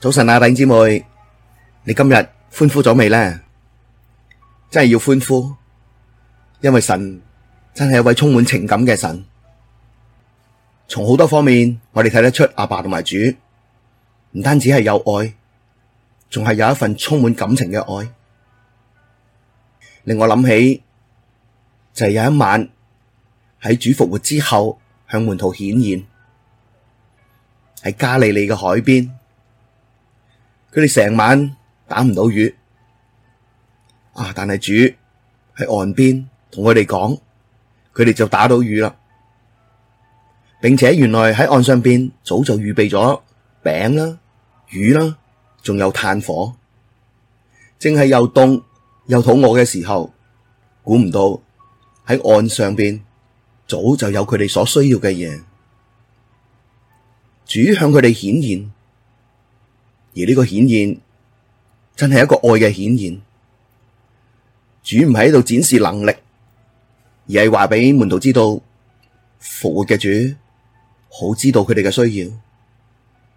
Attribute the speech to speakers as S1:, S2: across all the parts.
S1: 早晨啊，弟兄姊妹，你今日歡呼咗未呢？真係要歡呼，因為神真係一位充滿情感嘅神。從好多方面，我哋睇得出阿爸同埋主唔單止係有愛，仲係有一份充滿感情嘅愛，令我諗起就係有一晚喺主復活之後向門徒顯現喺加利利嘅海邊。佢哋成晚打唔到魚啊！但係主喺岸邊同佢哋講，佢哋就打到魚啦，並且原來喺岸上邊早就預備咗餅啦、魚啦、啊，仲有炭火。正係又凍又肚餓嘅時候，估唔到喺岸上邊早就有佢哋所需要嘅嘢。主向佢哋顯現。而呢個顯現真係一個愛嘅顯現，主唔喺度展示能力，而係話俾門徒知道，復活嘅主好知道佢哋嘅需要，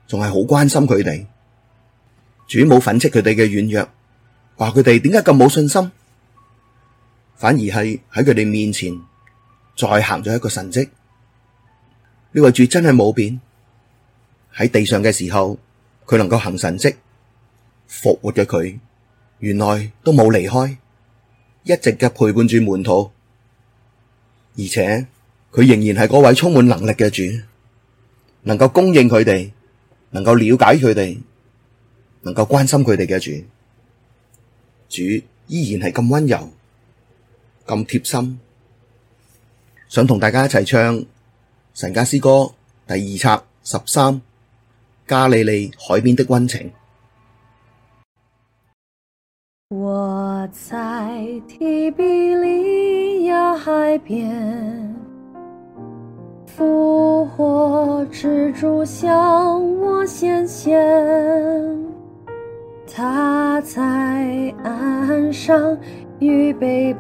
S1: 仲係好關心佢哋。主冇粉飾佢哋嘅軟弱，話佢哋點解咁冇信心，反而係喺佢哋面前再行咗一個神迹。呢個主真係冇變，喺地上嘅時候。佢能夠行神蹟復活嘅佢，原來都冇離開，一直嘅陪伴住門徒，而且佢仍然係嗰位充滿能力嘅主，能夠供應佢哋，能夠了解佢哋，能夠關心佢哋嘅主，主依然係咁溫柔，咁貼心，想同大家一齊唱神家詩歌第二冊十三。加利利海邊的溫情。
S2: 我在提比哩亞海邊，復活之主向我顯現。他在岸上預備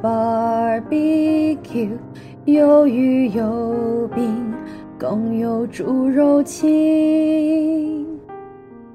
S2: BBQ，有魚有餅，更有主柔情。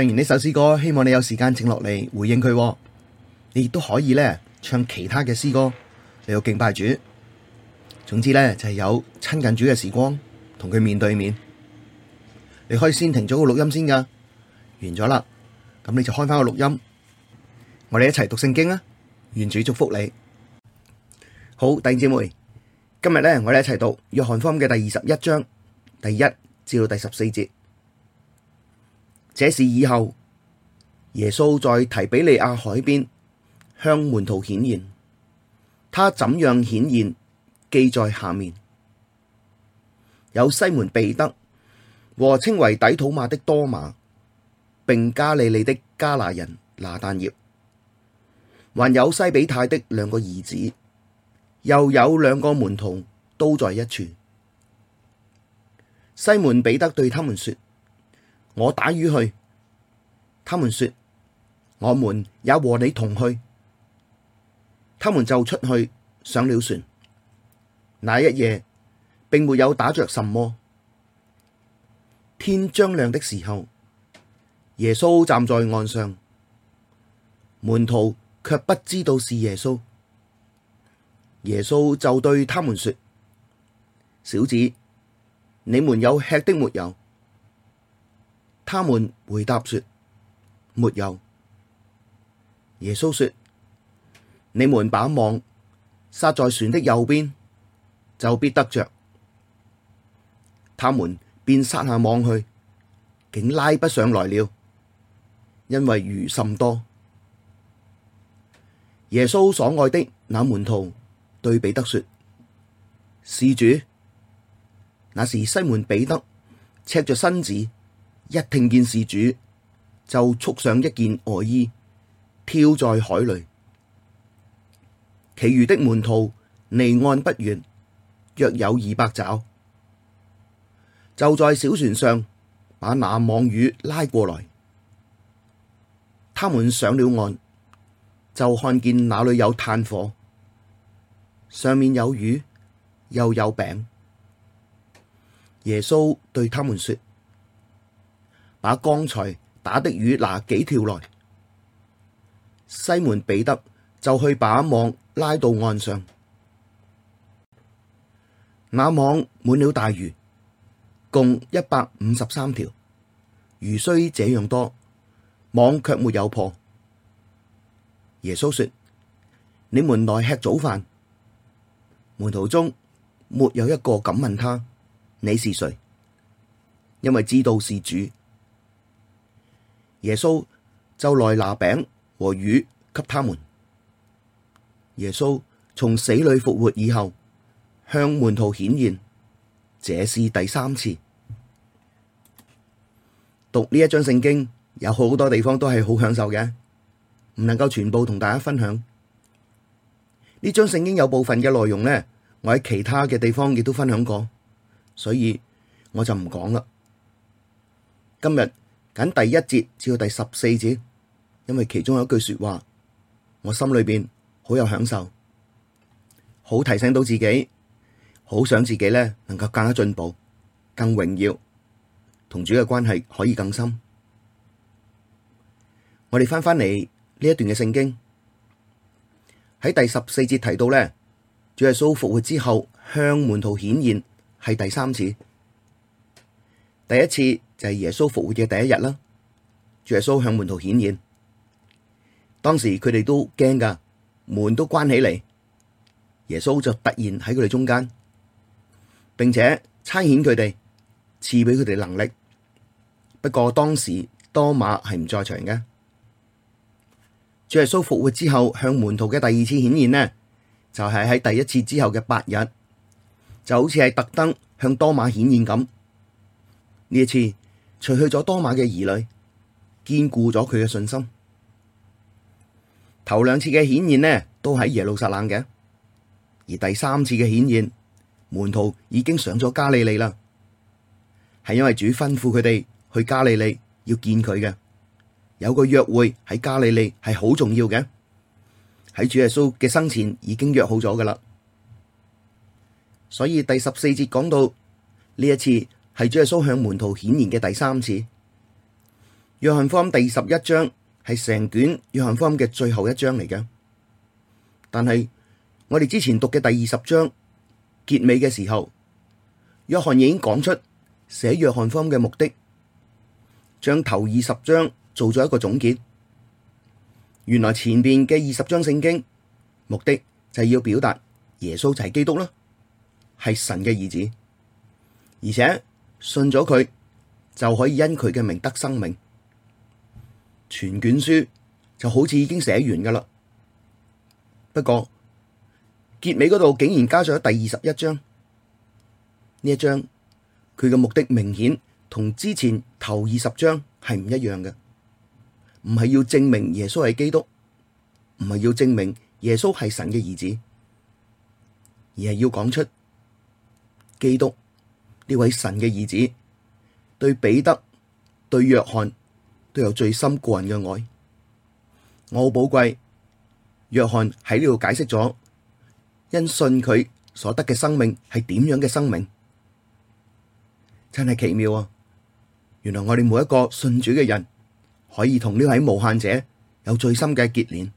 S1: 唱完呢首詩歌，希望你有時間靜落嚟回應佢。你亦都可以咧，唱其他嘅詩歌，你要敬拜主。總之咧就係有親近主嘅時光，同佢面對面。你可以先停咗個錄音先噶，完咗啦，咁你就開翻個錄音。我哋一齊讀聖經啊！願主祝福你。好，弟兄姊妹，今日咧我哋一齊讀約翰福音嘅第二十一章第一至到第十四節。這事以後耶穌在提比哩亞海邊向門徒顯現，他怎樣顯現，記在下面。有西門彼得和稱為低土馬的多馬，並加利利的迦拿人拿但業，還有西庇太的兩個兒子，又有兩個門徒都在一處。西門彼得對他們說。我打魚去，他們說，我們也和你同去，他們就出去，上了船。那一夜並沒有打着什麼，天將亮,亮的時候，耶穌站在岸上，門徒卻不知道是耶穌。耶穌就對他們說：小子，你們有吃的沒有？他們回答說：沒有。耶穌說：你們把網撒在船的右邊，就必得着。他們便撒下網去，竟拉不上來了，因為魚甚多。耶穌所愛的那門徒對彼得說：是主，那時西門彼得，赤着身子。一聽見是主，就束上一件外衣，跳在海裡。其餘的門徒離岸不遠，約有二百肘，就在小船上把那網魚拉過來。他們上了岸，就看見那裡有炭火，上面有魚，又有餅。耶穌對他們說。把剛才打的魚拿幾條來。西門彼得就去把網拉到岸上，那網滿了大魚，共一百五十三條。魚雖這樣多，網卻沒有破。耶穌說：你們來吃早飯。門徒中沒有一個敢問他，你是誰，因為知道是主。耶穌就來拿餅和魚給他們。耶穌從死裡復活以後，向門徒顯現，這是第三次。讀呢一章聖經有好多地方都係好享受嘅，唔能夠全部同大家分享。呢章聖經有部分嘅內容呢，我喺其他嘅地方亦都分享過，所以我就唔講啦。今日。等第一節至到第十四節，因為其中有一句說話，我心裏邊好有享受，好提醒到自己，好想自己咧，能夠更加進步，更榮耀，同主嘅關係可以更深。我哋翻返嚟呢一段嘅聖經，喺第十四節提到咧，主耶穌復活之後向門徒顯現係第三次，第一次。就係耶穌復活嘅第一日啦，耶穌向門徒顯現，當時佢哋都驚噶，門都關起嚟，耶穌就突然喺佢哋中間，並且差遣佢哋，賜俾佢哋能力。不過當時多馬係唔在場嘅。耶穌復活之後向門徒嘅第二次顯現呢，就係喺第一次之後嘅八日，就好似係特登向多馬顯現咁。呢一次，除去咗當晚嘅疑慮，堅固咗佢嘅信心。頭兩次嘅顯現呢，都喺耶路撒冷嘅，而第三次嘅顯現，門徒已經上咗加利利啦。係因為主吩咐佢哋去加利利要見佢嘅，有個約會喺加利利係好重要嘅，喺主耶穌嘅生前已經約好咗噶啦。所以第十四節講到呢一次，係主耶穌向門徒顯現嘅第三次。約翰福音第二十一章係成卷約翰福音嘅最後一章嚟嘅，但係我哋之前讀嘅第二十章結尾嘅時候，約翰已經講出寫約翰福音嘅目的，將頭二十章做咗一個總結。原來前邊嘅二十章聖經目的就係要表達耶穌就係基督啦，係神嘅兒子，而且。信咗佢就可以因佢嘅名得生命。全卷書就好似已經寫完噶啦，不過結尾嗰度竟然加上咗第二十一章呢一章，佢嘅目的明顯同之前頭二十章係唔一樣嘅，唔係要證明耶穌係基督，唔係要證明耶穌係神嘅兒子，而係要講出基督。呢位神嘅兒子對彼得、對約翰都有最深個人嘅愛，我好寶貴。約翰喺呢度解釋咗因信佢所得嘅生命係點樣嘅生命，真係奇妙啊！原來我哋每一個信主嘅人可以同呢位無限者有最深嘅結連，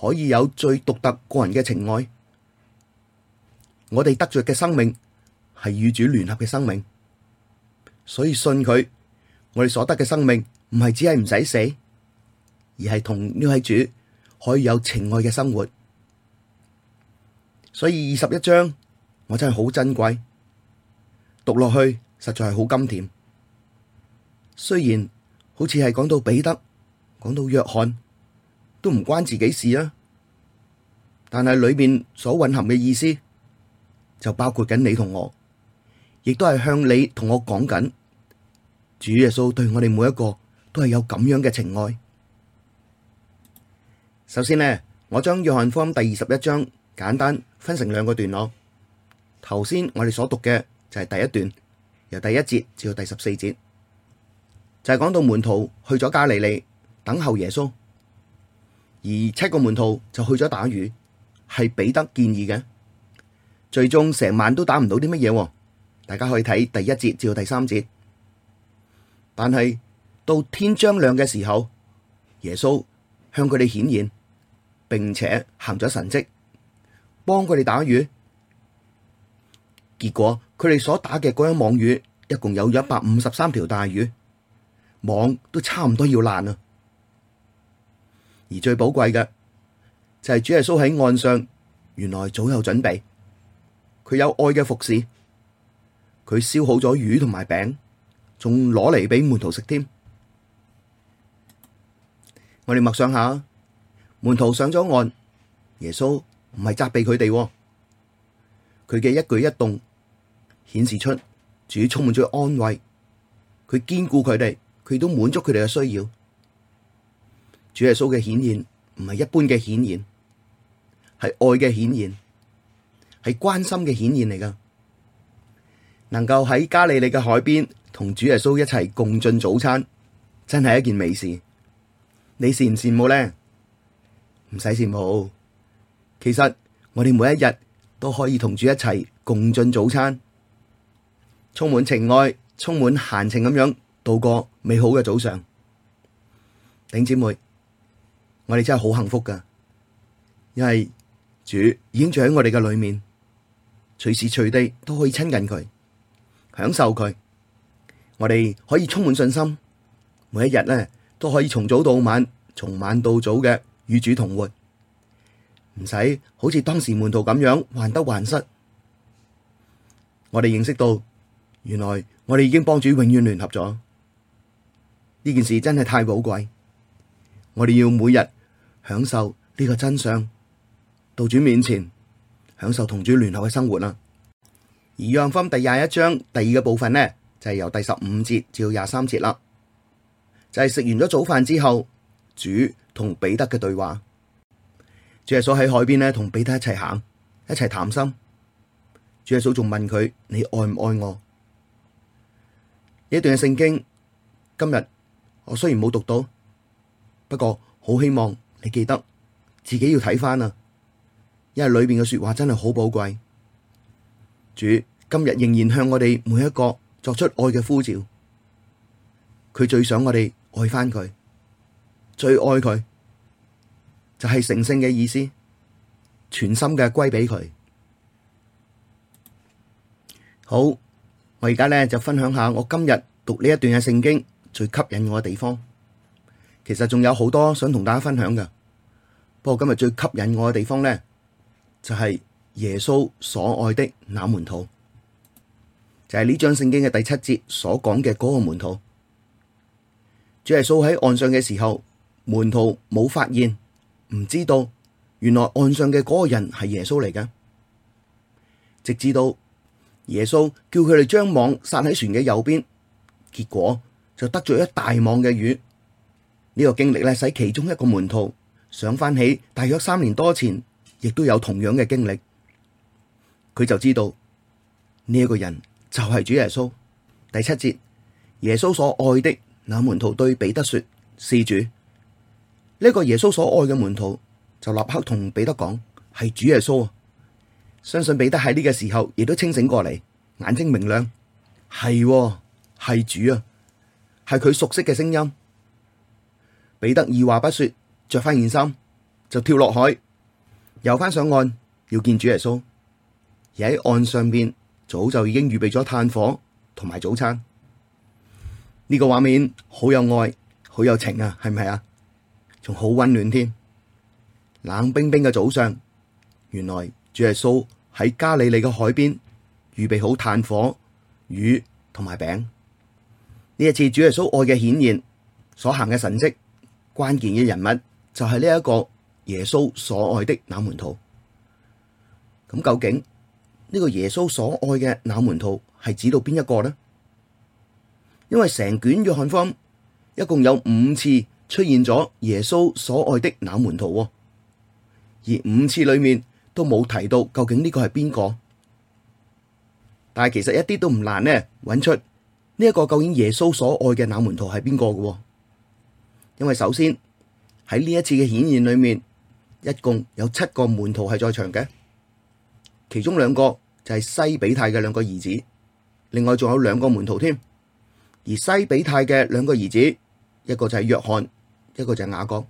S1: 可以有最獨特個人嘅情愛。我哋得着嘅生命。係與主聯合嘅生命，所以信佢，我哋所得嘅生命唔係只係唔使死，而係同呢位主可以有情愛嘅生活。所以二十一章我真係好珍貴，讀落去實在係好甘甜。雖然好似係講到彼得、講到約翰都唔關自己事啊，但係裏面所蘊含嘅意思就包括緊你同我。亦都係向你同我講緊，主耶穌對我哋每一個都係有咁樣嘅情愛。首先呢，我將約翰福音第二十一章簡單分成兩個段落。頭先我哋所讀嘅就係第一段，由第一節至到第十四節，就係、是、講到門徒去咗加利利等候耶穌，而七個門徒就去咗打魚，係彼得建議嘅，最終成晚都打唔到啲乜嘢。大家可以睇第一節至到第三節，但係到天將亮嘅時候，耶穌向佢哋顯現，並且行咗神跡，幫佢哋打魚。結果佢哋所打嘅嗰一網魚，一共有一百五十三條大魚，網都差唔多要爛啦。而最寶貴嘅就係、是、主耶穌喺岸上，原來早有準備，佢有愛嘅服侍。佢燒好咗魚同埋餅，仲攞嚟俾門徒食添。我哋默想下，門徒上咗岸，耶穌唔係責備佢哋，佢嘅一舉一動顯示出主充滿咗安慰，佢堅固佢哋，佢都滿足佢哋嘅需要。主耶穌嘅顯現唔係一般嘅顯現，係愛嘅顯現，係關心嘅顯現嚟噶。能夠喺加利利嘅海邊同主耶穌一齊共進早餐，真係一件美事。你羨唔羨慕咧？唔使羨慕，其實我哋每一日都可以同主一齊共進早餐，充滿情愛、充滿閒情咁樣度過美好嘅早上。頂姊妹，我哋真係好幸福噶，因為主已經住喺我哋嘅裏面，隨時隨地都可以親近佢。享受佢，我哋可以充滿信心，每一日咧都可以從早到晚，從晚到早嘅與主同活，唔使好似當時門徒咁樣患得患失。我哋認識到，原來我哋已經幫主永遠聯合咗，呢件事真係太寶貴。我哋要每日享受呢個真相，到主面前享受同主聯合嘅生活啦。《約翰福音》第廿一章第二個部分呢，就係由第十五節至到廿三節啦，就係食完咗早飯之後，主同彼得嘅對話。主耶穌喺海邊呢，同彼得一齊行，一齊談心。主耶穌仲問佢：你愛唔愛我？呢一段嘅聖經，今日我雖然冇讀到，不過好希望你記得自己要睇返啊，因為裏面嘅說話真係好寶貴。主。今日仍然向我哋每一個作出愛嘅呼召，佢最想我哋愛翻佢，最愛佢就係、是、成聖嘅意思，全心嘅歸俾佢。好，我而家咧就分享下我今日讀呢一段嘅聖經最吸引我嘅地方。其實仲有好多想同大家分享嘅，不過今日最吸引我嘅地方咧就係、是、耶穌所愛的那門徒。就係呢張聖經嘅第七節所講嘅嗰個門徒，主耶穌喺岸上嘅時候，門徒冇發現，唔知道原來岸上嘅嗰個人係耶穌嚟嘅，直至到耶穌叫佢哋將網撒喺船嘅右邊，結果就得咗一大網嘅魚。呢個經歷咧，使其中一個門徒想翻起大約三年多前，亦都有同樣嘅經歷，佢就知道呢一個人。就係主耶穌。第七節，耶穌所愛的那門徒對彼得說：是主。呢、這個耶穌所愛嘅門徒就立刻同彼得講：係主耶穌啊！相信彼得喺呢個時候亦都清醒過嚟，眼睛明亮，係係、哦、主啊，係佢熟悉嘅聲音。彼得二話不說，着翻件衫就跳落海，游翻上岸要見主耶穌，而喺岸上邊。早就已經預備咗炭火同埋早餐，呢個畫面好有愛、好有情啊，係咪啊？仲好温暖添。冷冰冰嘅早上，原來主耶穌喺加利利嘅海邊預備好炭火、魚同埋餅。呢一次主耶穌愛嘅顯現所行嘅神迹，關鍵嘅人物就係呢一個耶穌所愛的那門徒。咁究竟？呢個耶穌所愛嘅那門徒係指到邊一個呢？因為成卷約翰福音一共有五次出現咗耶穌所愛的那門徒，而五次裏面都冇提到究竟呢個係邊個。但係其實一啲都唔難呢，揾出呢一個究竟耶穌所愛嘅那門徒係邊個嘅。因為首先喺呢一次嘅顯現裏面，一共有七個門徒係在場嘅，其中兩個。就係西庇太嘅兩個兒子，另外仲有兩個門徒添。而西庇太嘅兩個兒子，一個就係約翰，一個就係雅各。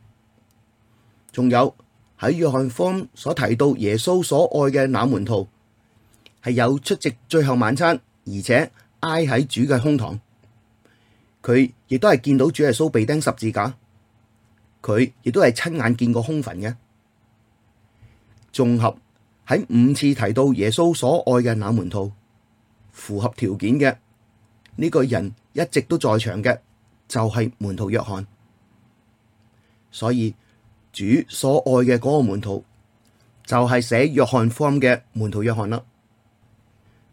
S1: 仲有喺約翰方所提到耶穌所愛嘅那門徒，係有出席最後晚餐，而且挨喺主嘅胸膛。佢亦都係見到主耶穌被釘十字架，佢亦都係親眼見過空墳嘅。綜合。喺五次提到耶穌所愛嘅那門徒，符合條件嘅呢、這個人一直都在場嘅，就係、是、門徒約翰。所以主所愛嘅嗰個門徒就係、是、寫約翰福音嘅門徒約翰啦。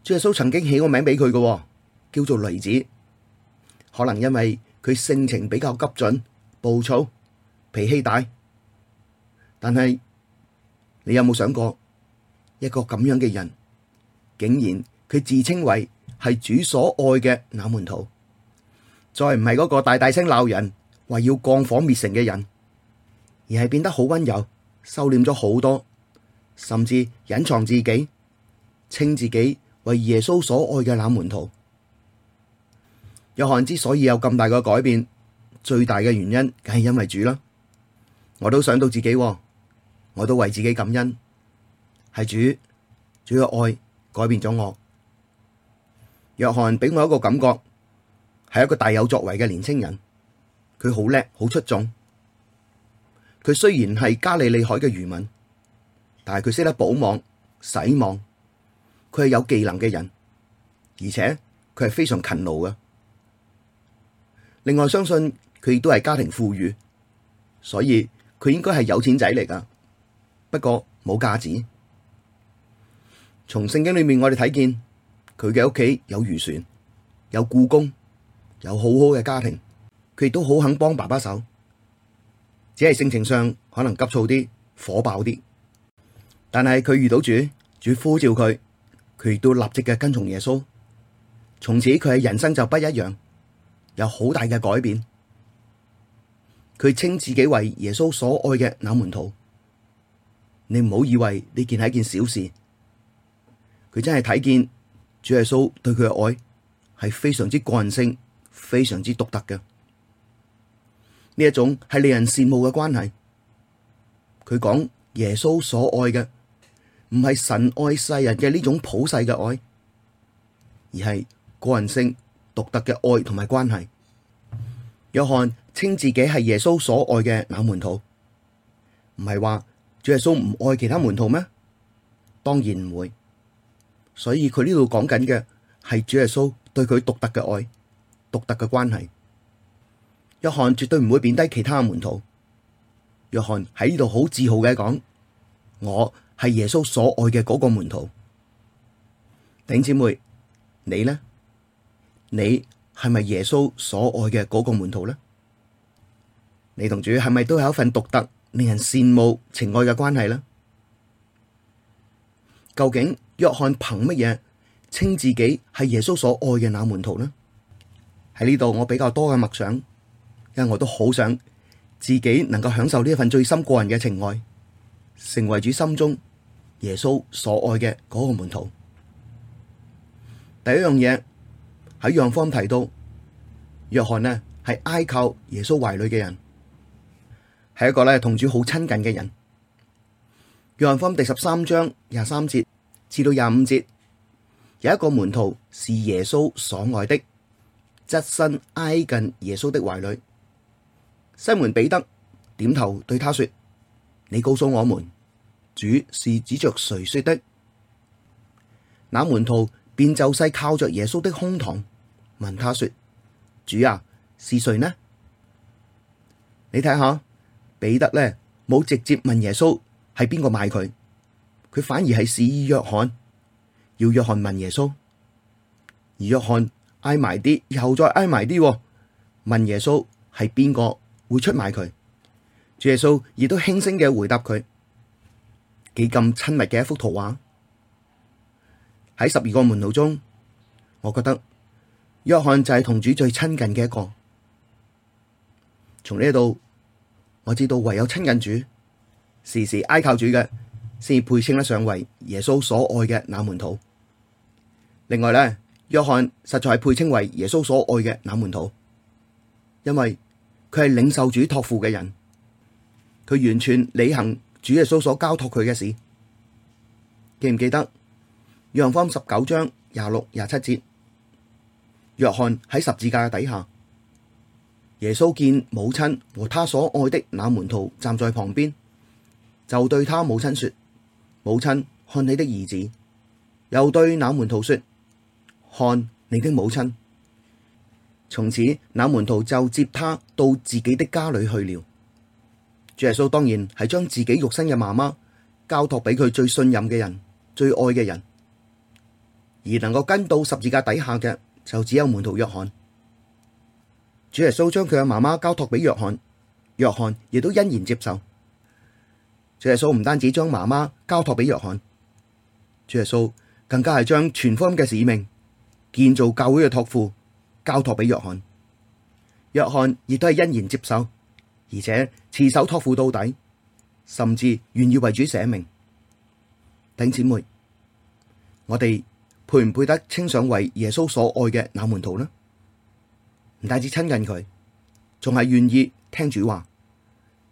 S1: 耶穌曾經起過名俾佢嘅，叫做雷子。可能因為佢性情比較急進、暴躁、脾氣大，但係你有冇想過？一個咁樣嘅人，竟然佢自稱為係主所愛嘅那門徒，再唔係嗰個大大聲鬧人話要降火滅城嘅人，而係變得好温柔，收斂咗好多，甚至隱藏自己，稱自己為耶穌所愛嘅那門徒。約翰之所以有咁大嘅改變，最大嘅原因梗係因為主啦。我都想到自己，我都為自己感恩。係主，主嘅愛改變咗我。約翰畀我一個感覺，係一個大有作為嘅年青人。佢好叻，好出眾。佢雖然係加利利海嘅漁民，但係佢識得補網、洗網。佢係有技能嘅人，而且佢係非常勤勞嘅。另外，相信佢亦都係家庭富裕，所以佢應該係有錢仔嚟噶。不過冇架子。從聖經裏面我哋睇見佢嘅屋企有漁船，有僱工，有好好嘅家庭。佢亦都好肯幫爸爸手，只係性情上可能急躁啲、火爆啲。但係佢遇到主，主呼召佢，佢亦都立即嘅跟從耶穌。從此佢嘅人生就不一樣，有好大嘅改變。佢稱自己為耶穌所愛嘅那門徒。你唔好以為呢件係一件小事。佢真係睇見主耶穌對佢嘅愛係非常之個人性，非常之獨特嘅，呢一種係令人羨慕嘅關係。佢講耶穌所愛嘅唔係神愛世人嘅呢種普世嘅愛，而係個人性獨特嘅愛同埋關係。約翰稱自己係耶穌所愛嘅那門徒，唔係話主耶穌唔愛其他門徒咩？當然唔會。所以佢呢度講緊嘅係主耶穌對佢獨特嘅愛、獨特嘅關係。約翰絕對唔會貶低其他嘅門徒。約翰喺呢度好自豪嘅講：我係耶穌所愛嘅嗰個門徒。弟兄姊妹，你呢？你係咪耶穌所愛嘅嗰個門徒呢？你同主係咪都係一份獨特、令人羨慕情愛嘅關係呢？究竟？約翰憑乜嘢稱自己係耶穌所愛嘅那門徒呢？喺呢度我比較多嘅默想，因為我都好想自己能夠享受呢一份最深個人嘅情愛，成為主心中耶穌所愛嘅嗰個門徒。第一樣嘢喺約翰福音提到，約翰呢係挨靠耶穌懷裏嘅人，係一個呢同主好親近嘅人。約翰福音第十三章廿三節。至到廿五節，有一個門徒是耶穌所愛的，側身挨近耶穌的懷裏。西門彼得點頭對他說：你告訴我們，主是指着誰說的？那門徒便就勢靠着耶穌的胸膛，問他說：主啊，是誰呢？你睇下，彼得咧冇直接問耶穌係邊個賣佢。佢反而係示意約翰，要約翰問耶穌，而約翰挨埋啲，又再挨埋啲，問耶穌係邊個會出賣佢。主耶穌亦都輕聲嘅回答佢，幾咁親密嘅一幅圖畫。喺十二個門徒中，我覺得約翰就係同主最親近嘅一個。從呢度我知道，唯有親近主，時時挨靠主嘅。先至配稱得上為耶穌所愛嘅那門徒。另外咧，約翰實在係配稱為耶穌所愛嘅那門徒，因為佢係領受主托付嘅人，佢完全履行主耶穌所交託佢嘅事。記唔記得約翰十九章廿六廿七節？約翰喺十字架底下，耶穌見母親和他所愛的那門徒站在旁邊，就對他母親說。母親，看你的兒子，又對那門徒說：看你的母親。從此，那門徒就接他到自己的家裏去了。主耶穌當然係將自己肉身嘅媽媽交託俾佢最信任嘅人，最愛嘅人，而能夠跟到十字架底下嘅就只有門徒約翰。主耶穌將佢嘅媽媽交託俾約翰，約翰亦都欣然接受。主耶穌唔單止將媽媽交託俾約翰，主耶穌更加係將全方嘅使命，建造教會嘅託付交託俾約翰。約翰亦都係欣然接受，而且持守託付到底，甚至願意為主捨命。弟兄姊妹，我哋配唔配得稱上為耶穌所愛嘅那門徒呢？唔單止親近佢，仲係願意聽主話，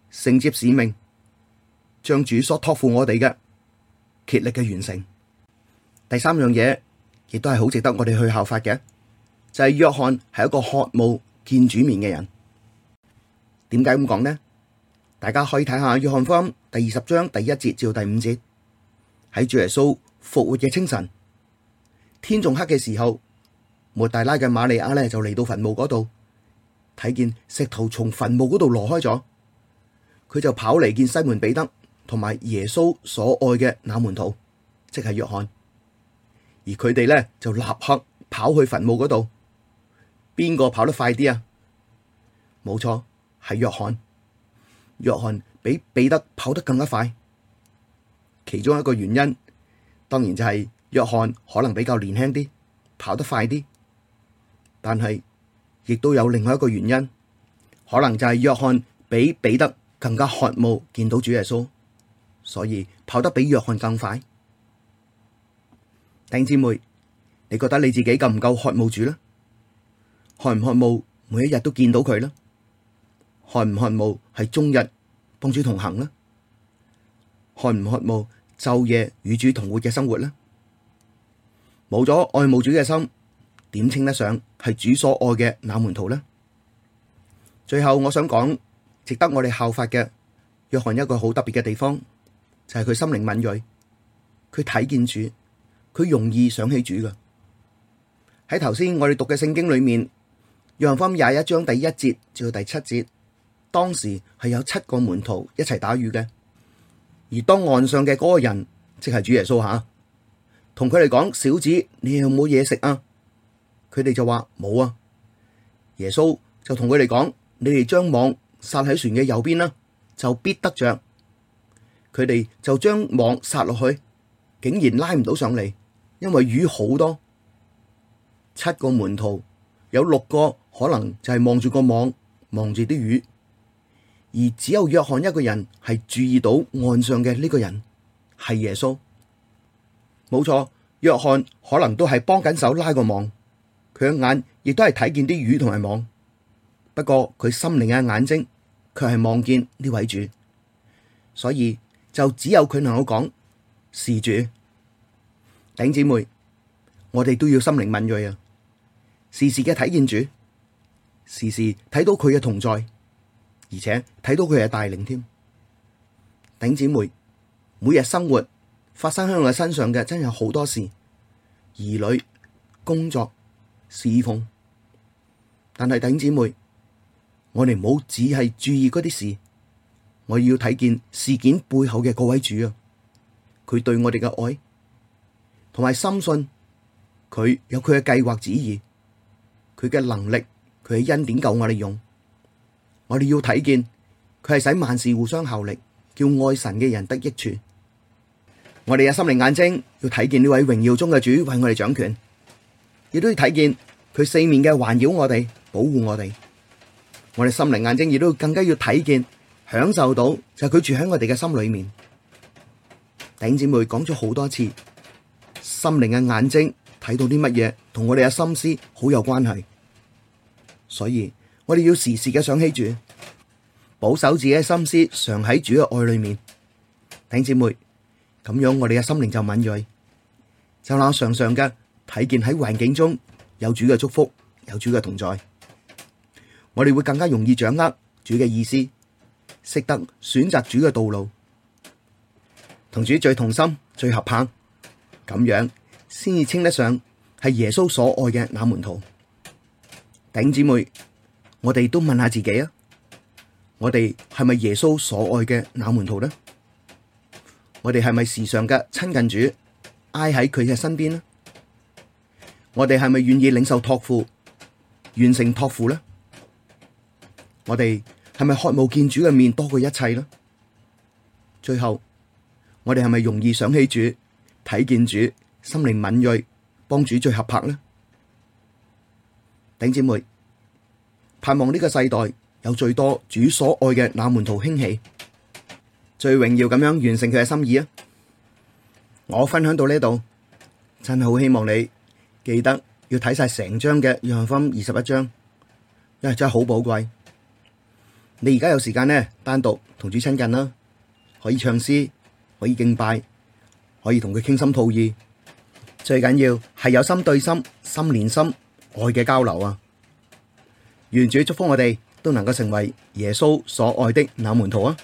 S1: 承接使命。將主所託付我哋嘅竭力嘅完成。第三樣嘢亦都係好值得我哋去效法嘅，就係、是、約翰係一個渴慕見主面嘅人。點解咁講呢？大家可以睇下約翰福音第二十章第一節至第五節，喺主耶穌復活嘅清晨，天仲黑嘅時候，抹大拉嘅瑪利亞咧就嚟到墳墓嗰度，睇見石頭從墳墓嗰度挪開咗，佢就跑嚟見西門彼得。同埋耶穌所愛嘅那門徒，即係約翰，而佢哋咧就立刻跑去墳墓嗰度。邊個跑得快啲啊？冇錯，係約翰。約翰比彼得跑得更加快。其中一個原因，當然就係約翰可能比較年輕啲，跑得快啲。但係亦都有另外一個原因，可能就係約翰比彼得更加渴望見到主耶穌。所以跑得比約翰更快。弟兄姊妹，你覺得你自己夠唔夠渴慕主呢？渴唔渴慕？每一日都見到佢咧？渴唔渴慕？係終日幫主同行咧？渴唔渴慕？晝夜與主同活嘅生活呢？冇咗愛慕主嘅心，點稱得上係主所愛嘅那門徒呢？最後我想講，值得我哋效法嘅約翰一個好特別嘅地方。就係佢心靈敏銳，佢睇見主，佢容易想起主噶。喺頭先我哋讀嘅聖經裏面，約翰廿一章第一節至到第七節，當時係有七個門徒一齊打魚嘅，而當岸上嘅嗰個人即係主耶穌吓，同佢哋講小子，你有冇嘢食啊？佢哋就話冇啊。耶穌就同佢哋講：你哋將網撒喺船嘅右邊啦，就必得着。佢哋就將網撒落去，竟然拉唔到上嚟，因為魚好多。七個門徒有六個可能就係望住個網，望住啲魚，而只有約翰一個人係注意到岸上嘅呢個人係耶穌。冇錯，約翰可能都係幫緊手拉個網，佢嘅眼亦都係睇見啲魚同埋網，不過佢心靈嘅眼睛卻係望見呢位主，所以。就只有佢能夠講事主。頂姐妹，我哋都要心靈敏銳啊！時時嘅體驗主，時時睇到佢嘅同在，而且睇到佢嘅帶領添。頂姐妹，每日生活發生喺我身上嘅真係好多事，兒女工作侍奉，但係頂姐妹，我哋唔好只係注意嗰啲事。我要睇見事件背後嘅嗰位主啊，佢對我哋嘅愛同埋深信，佢有佢嘅計劃旨意，佢嘅能力，佢嘅恩典夠我哋用。我哋要睇見佢係使萬事互相效力，叫愛神嘅人得益處。我哋有心靈眼睛要睇見呢位榮耀中嘅主為我哋掌權，亦都要睇見佢四面嘅環繞我哋，保護我哋。我哋心靈眼睛亦都更加要睇見。享受到就係佢住喺我哋嘅心裏面，頂姐妹講咗好多次，心靈嘅眼睛睇到啲乜嘢，同我哋嘅心思好有關係，所以我哋要時時嘅想起住，保守自己嘅心思，常喺主嘅愛裏面，頂姐妹咁樣，我哋嘅心靈就敏銳，就那常常嘅睇見喺環境中有主嘅祝福，有主嘅同在，我哋會更加容易掌握主嘅意思。識得選擇主嘅道路，同主最同心、最合拍，咁樣先至稱得上係耶穌所愛嘅那門徒。弟兄姊妹，我哋都問下自己啊，我哋係咪耶穌所愛嘅那門徒呢？我哋係咪時常嘅親近主，挨喺佢嘅身邊呢？我哋係咪願意領受託付，完成託付呢？我哋。係咪渴望見主嘅面多過一切呢？最後我哋係咪容易想起主、睇見主、心靈敏銳、幫主最合拍呢？頂姐妹盼望呢個世代有最多主所愛嘅那門徒興起，最榮耀咁樣完成佢嘅心意啊！我分享到呢度，真係好希望你記得要睇晒成章嘅約翰福音二十一章，因為真係好寶貴。你而家有時間呢，單獨同主親近啦，可以唱詩，可以敬拜，可以同佢傾心吐意，最緊要係有心對心、心連心愛嘅交流啊！願主祝福我哋都能夠成為耶穌所愛的那門徒啊！